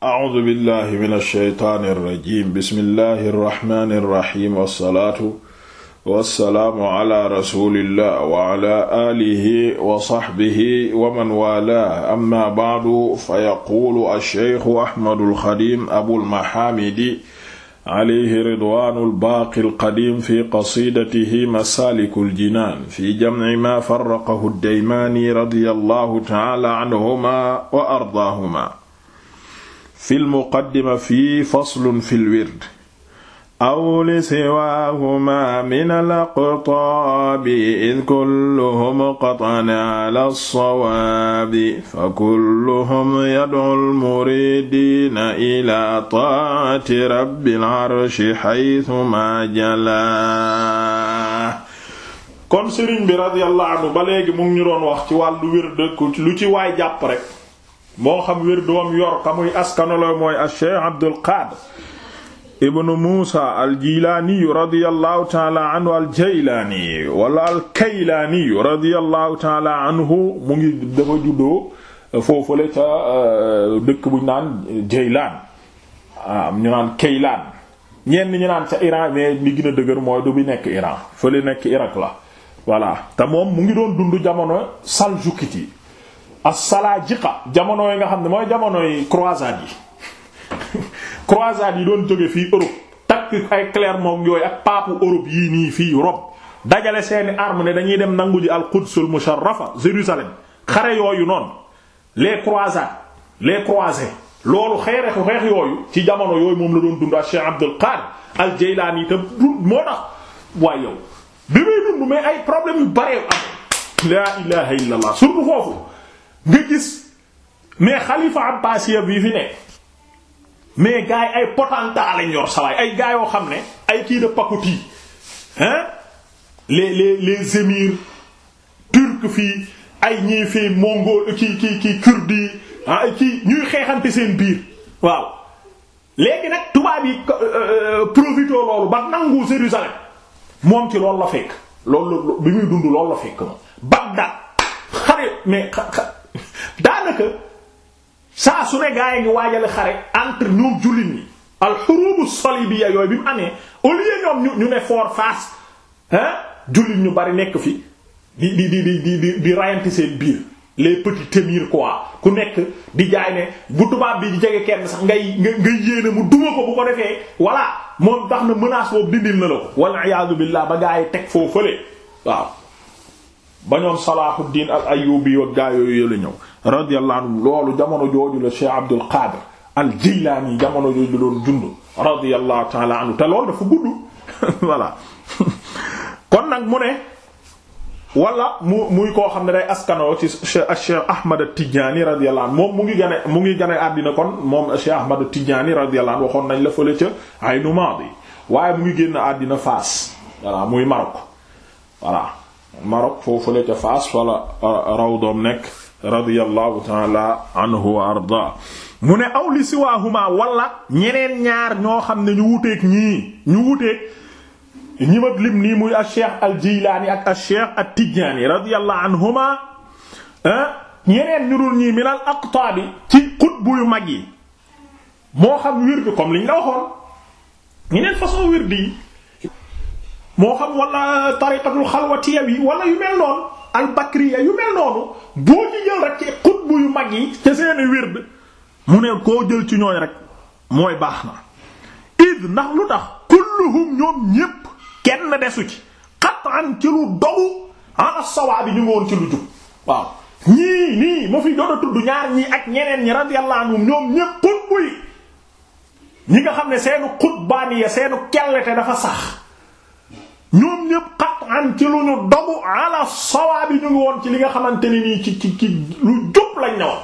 a'uudu billahi mina shaytaani rajiim bismillahi rahmaani rahiim wasalaatu wasalaamu ala rasulillah wa ala alihi wa saxbihi wa man waalaahu amma ba'du fa yaquulu ash-shaykhu Ahmadul Xadiim Abul Mahaamidi alayhi ridwaanul baaqil qadiim fi qasiidatihi masaalikul jinaan fi jamci maa farraqahu ad-Daymaani radiyallahu ta'aala anhumaa wa ardaahumaa fil muqaddima fii faslun fil wird aw li siwaahuma min al aqtaabi id kulluhum qatan ala sawaabi fa kulluhum yad'u al muridiina ila taati rabbil arshi haythuma jalaa kon sëriñ bi radiyallahu anhu ba léegi mu ngi ñu doon wax ci wàllu wird lu ci waay jàpp rek moo xam wér doom yor ka muy askanolo mooy acheikh abdul qadir ibnu muusa aljilaaniyu radiallahu taala anhu aljaylaani wala alkaylaaniyu radiallahu taala anhu mu ngi dafa juddoo foofale ca euh, dëkk buñ naan jaylaan ah, am ñu naan kaylaan ñenn ñu naan ca iran mais li gën dëgër mooy du bi nekk iran fële nekk irak la voilà te moom mu ngi doon dund jamono saljukit yi as-Salaajiqa jamono yi nga xam ne mooy jamonoy croisade yi croisade yi doon jóge fii Europe takk ay Clermont yooyu ak paapu Europe yii nii fii Rome dajale seeni arme ne dañuy dem nangu ji al-Qudsul musharrafa Jérusalem xare yooyu noonu les croisades les croisés loolu xeerex xeex yooyu ci jamono yooyu moom la doon dund ak Cheikh Abdul Qadir al-Jaylaani te dund moo tax waaye yow bi muy dund mais ay problème yu bare am. laa ilaaha illallah surtout foofu. nga gis mais xalifa abbasiya bi fi ne mais gars ay potentat lañ yor sawaay ay gars yoo xam ne ay kii de pacotille hein les les les émirs fii ay ñii fii mongol ki ki ki kurdi yi ah kii ñuy xeexante seen biir waaw léegi nag tubaab yi euh, euh, profité loolu ba nangu Jérusalem moom ci loolu la fekk loolu bi muy dund loolu la fekk moom Bagdad xare mais daanaka saa su ne gaa yi ngi waajale xare entre ñoom jullit ñi al xurubu yooyu bi mu amee au ñoom ñu ñu ne fort face ah jullit ñu bari nekk fi di di di di di rayante seen biir les petits témir quoi ku nekk di jaay ne bu tubaab bi di jege kenn sax ngay ngay yéene mu duma ko bu ko defee voilà moom tax na menace boobu dindil na la ko wal iyaadu billah ba gaa yi teg foo fële waaw ba ñoom Salahuddin al Ayyubi wa gaa yooyu ñëw radiyallahu anhu loolu jamono jooju la Cheikh Abdul Qadir al-Jilani jamono jooju doon dund radiyallahu ta'ala te loolu dafa gudd voilà kon nag mu ne wala mu muy koo xam ne day askanoo ci Cheikh Ahmad Tidiane radiyallahu moom mu ngi gane àddina kon moom Cheikh Ahmad Tidiane radiyallahu anhu waxoon nañ la fële ca Aynu Maadi waaye mu ngi génn àddina Faas voilà muy Maroc voilà Maroc foofu fële ca Faas wala raw doom nekk. radiyallahu taala anhu wa arda mu ne aw li siwaahuma wala ñeneen ñaar ñoo xam ne ñu wuteeg ñii ñu wuteeg ñi mag lim nii muy acheikh al jilaani ak acheikh al tijaani radiyallahu anhuma ah, ñeneen ñu dul ñii min al aqtaabi ci xutbu yu mag yi moo xam wirdu comme liñ la waxoon ñeneen façon wirdu yi moo xam wala tariqatul xalwatiya yi wala yu mel noonu albakriya yu mel noonu boo ci jël rek ci xutbu yu mag yi ca seeni wird mu ne koo jël ci ñooy rek mooy baax na id ndax lu tax kulluhum ñoom ñépp kenn desu ci qat'an ci lu dogu ala sawaabi ñu ngi woon ci lu jub waaw ñii nii ma fi doon a tudd ñaar ñii ak ñeneen ñi radiyallahu anhum ñoom ñépp xutbu yi ñi nga xam ne seenu xutbaani ya seenu kellete dafa sax ñoom ñëpp qat'an ci lu ñu dogu ala sawaabi ñu ngi woon ci li nga xamante ni nii ci ci ci lu jub lañ ne woon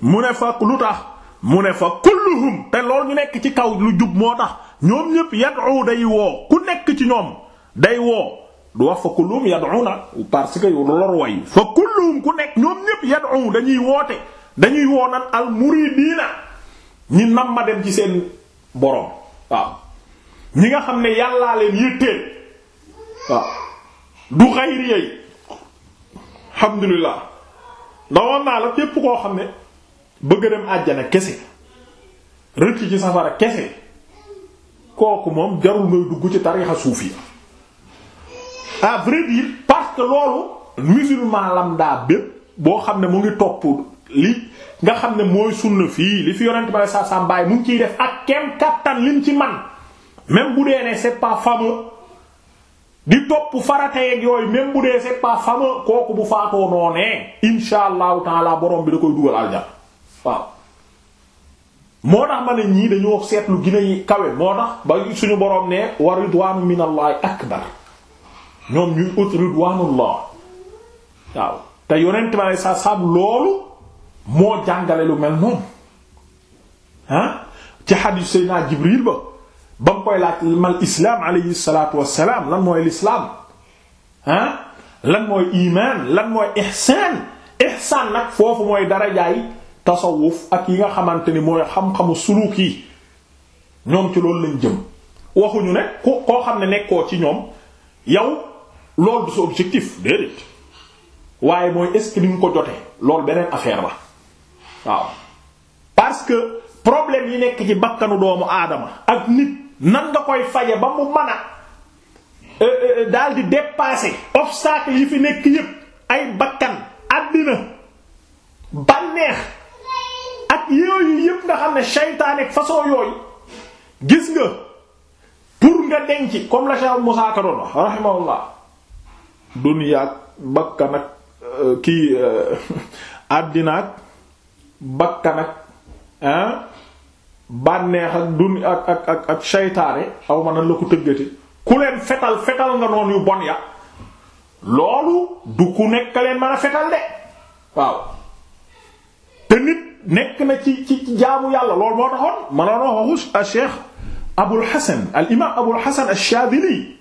mu ne fa lu tax mu ne fa kulluhum te loolu ñu nekk ci kaw lu jub moo tax ñoom ñëpp yad'u day woo ku nekk ci ñoom day woo du wax fa kulluhum parce que lor way fa ku nekk ñoom ñëpp yad'u dañuy woote dañuy woo nan al muridiina ñi nam ma dem ci seen borom waaw ñi nga xam ne yàllaa leen yëtteel waaw ah. du xayri yey alhamdulillah dawoon naa la képp koo xam ne bëgg dem àjjana kese rëcc ci safara kese kooku moom jarul ngay dugg ci tarixa suufi à vrai dire parce que loolu musulman lambda bépp boo xam ne mu ngi topp li nga xam ne mooy sunna fii li fi yonent ba saa saa mbaay mu ngi ciy def ak kem kattan lim ci man même bu dee ne c'est pas di topp farata yeeg yooyu même bu dee c'est pas kooku bu faatoo noonee insha allahu taala borom bi da koy dugal aljar waaw moo tax ma ne ñii dañoo seetlu gina yi kawe moo tax ba suñu borom ne wa ridwaanu minallahi akbar ñoom ñuy ut ridwaanullah waaw te yonent ma ne sa sab loolu moo jàngale lu mel noonu ah ci xadiis Seydina Jibril ba ba mu koy laaj mal islaam alayhi wassalaam lan mooy lislaam lan mooy imaan lan mooy ihsaan ihsaan nag foofu mooy darajaay tasawuf ak yi nga xamante ni mooy xam-xamu suluuk ñoom ci loolu lañ jëm waxuñu ne ku koo xam ne nekkoo ci ñoom yow loolu du sa objectif déedéet waaye mooy est-ce que ni nga ko jote lool beneen affaire la waaw parce que problème yi nekk ci bakkanu doomu aadama ak nit nan nga koy faje ba mu mën a euh, euh, euh, daal di dépasser obstacle yi fi nekk yëpp ay bakkan àddina banneex ak yooyu yépp nga xam ne seytaane ak façon yooyu gis nga pour nga denc comme la Cheikh Moussa Ka doon wax rahimahullah duniyaak bakkan ak kii àddinaak bakkan ak ah bànneex ak dun ak ak ak ak seytaane aw ma la ko tëggate ku leen fetal fetal nga noon yu bon ya loolu du ku nekk leen mën a fetal de waaw te nit nekk na ci ci jaamu yàlla loolu moo taxoon ma la wax a cheikh abul hasan al imam abul hasan ash-shadili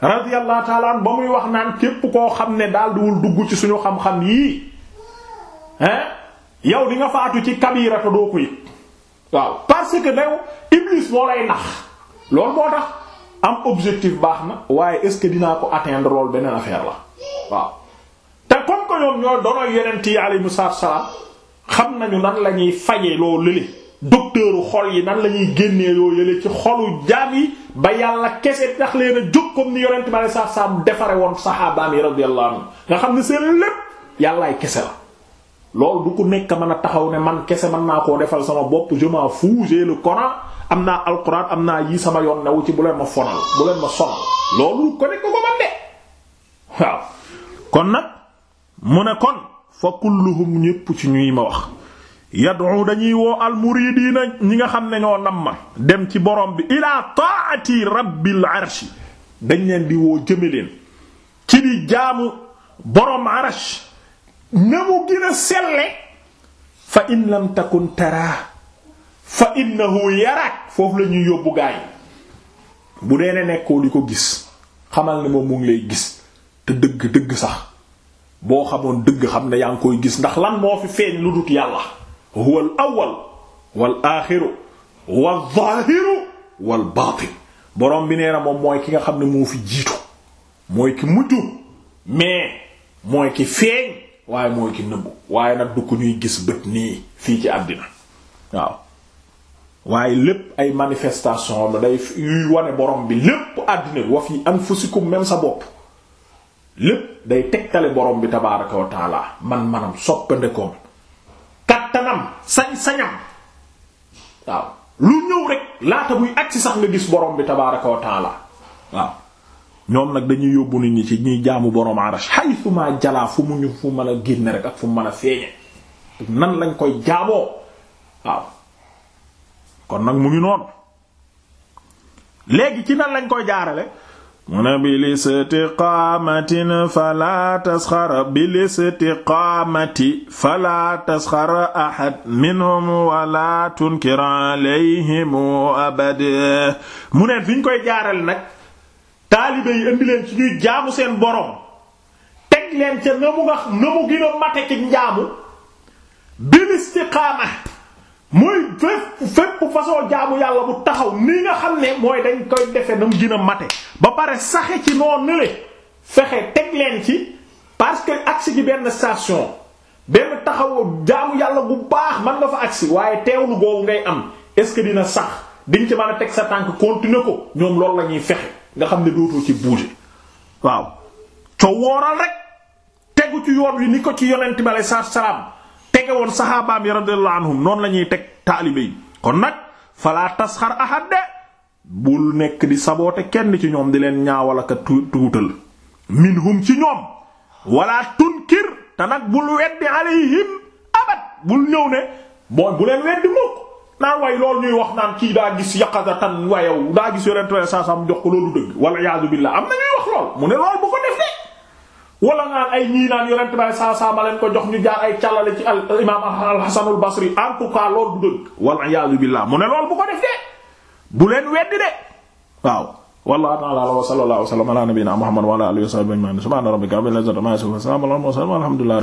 radiyallahu ta'ala an ba muy wax naan képp koo xam ne daal diwul dugg ci suñu xam-xam yii hein yow di nga faatu ci kabirata doo ko yit waaw parce que naw Iblis moo lay nax loolu moo tax am objectif baax na waaye est-ce que dinaa ko atteindre loolu beneen affaire la waaw te comme que ñoom ñoo doonoo yonent yi alayhimu salaam xam nañu nan la ñuy faje loo lële docteuru xol yi nan la ñuy génnee yoo ci xolu jaam yi ba yàlla kese tax leen a jóg comme ni yonent bi alayhi salaam defare woon saxaabaam yi radiyallahu nga xam ne seen lépp yàllaay kese la loolu du ku nekk man a taxaw ne man kese man naa koo defal sama bopp je m'en lu j'ai am naa alquran am naa yii sama yoon newu ci bu leen ma fonal bu leen ma sonal loolu ko nekk ko man de waaw kon nag mu ne kon fa kulluhum ñépp ci ñuy ma wax yad'u dañuy woo almuridiina ñi nga xam ne ñoo nam ma dem ci borom bi ila taati rabbil arshi dañ leen di woo jëme leen ci di jaamu borom arsh na mu gën a selle fa in lam takun taraa fa innahu yaraak foofu la ñuy yóbbu gaay bu dee ne nekkoo di ko gis xamal ne moom mu ngi lay gis te dëgg dëgg sax boo xamoon dëgg xam ne yaa ngi koy gis ndax lan moo fi feeñ lu dut yàlla huwa al awwal wal aaxiru wal zaahiru wal baatin borom bi nee na moom mooy ki nga xam ne moo fi jiitu mooy ki mujj mais mooy ki feeñ waaye mooy ki nëbbu waaye nag du ko ñuy gis bët nii fii ci àddina waaw waaye lépp ay manifestation la day yuy wane borom bi lépp àddina bi wa fi anfusikum même sa bopp lépp day tegtale borom bi tabaaraka wa taala man manam soppandekoom kattanam sañ-sañam waaw lu ñëw rek laata buy agsi sax nga gis borom bi tabaaraka wa taala waaw ñoom nag dañuy yóbbu nit ñi ci ñuy jaamu borom arash haythu ma jalaa fu mu ñu fu mën a génne rek ak fu mu a feeñe nan lañ koy jaamoo waaw nag mu ngi léegi ci nan lañ koy jaarale mu ne bil istiqaamatin fala tasxara bil istiqaamati fala tasxara ahad minhum wala tunkir alayhim abad mu ne fiñ koy jaarale nag taalibe yi indi leen ci ñuy jaamu seen borom teg leen ca na mu nga na mu gën a mate ci njaamu bil istiqaama mooy fépp fépp façon jaamu yàlla bu taxaw ni nga xam ne mooy dañ koy defe na mu gën a mate ba pare saxe ci noo nële fexe teg leen ci parce que agsi ci benn station benn taxaw jaamu yàlla bu baax man nga fa agsi waaye teewlu googu ngay am est-ce que dina sax diñ ci mën a teg sa tànk continuer ko ñoom loolu la ñuy fexe nga xam ne dootoo ci bouger waaw co wooral rek tegu ci yoon wi ni ko ci yonent bi aley salaam tege woon saxaabaam yi radiyallahu anhum noonu lañuy teg taalibe yi kon nag falaa tasxar ahad de bul nekk di saboote kenn ci ñoom di leen ñaawal ak tuutal minhum ci ñoom wala tunkir te nag bul weddi alayhim abad bul ñëw ne booy bu leen weddi mukk naan way loolu ñuy wax naan kii daa gis yaqazatan wayow daa gis yore treize cent mu jox ko loolu dëgg wala iyaazu billah mu ne lool bu ay ñii naan yore treize cent ma leen ko jox ñu jaar ay càllale ci al imaam al Hasan al Basri en tout dëgg wala mu ne lool bu ko def de bu leen weddi de waaw. wallahu ta'ala wa sallallahu wa sallama ala nabiyyina Muhammad wa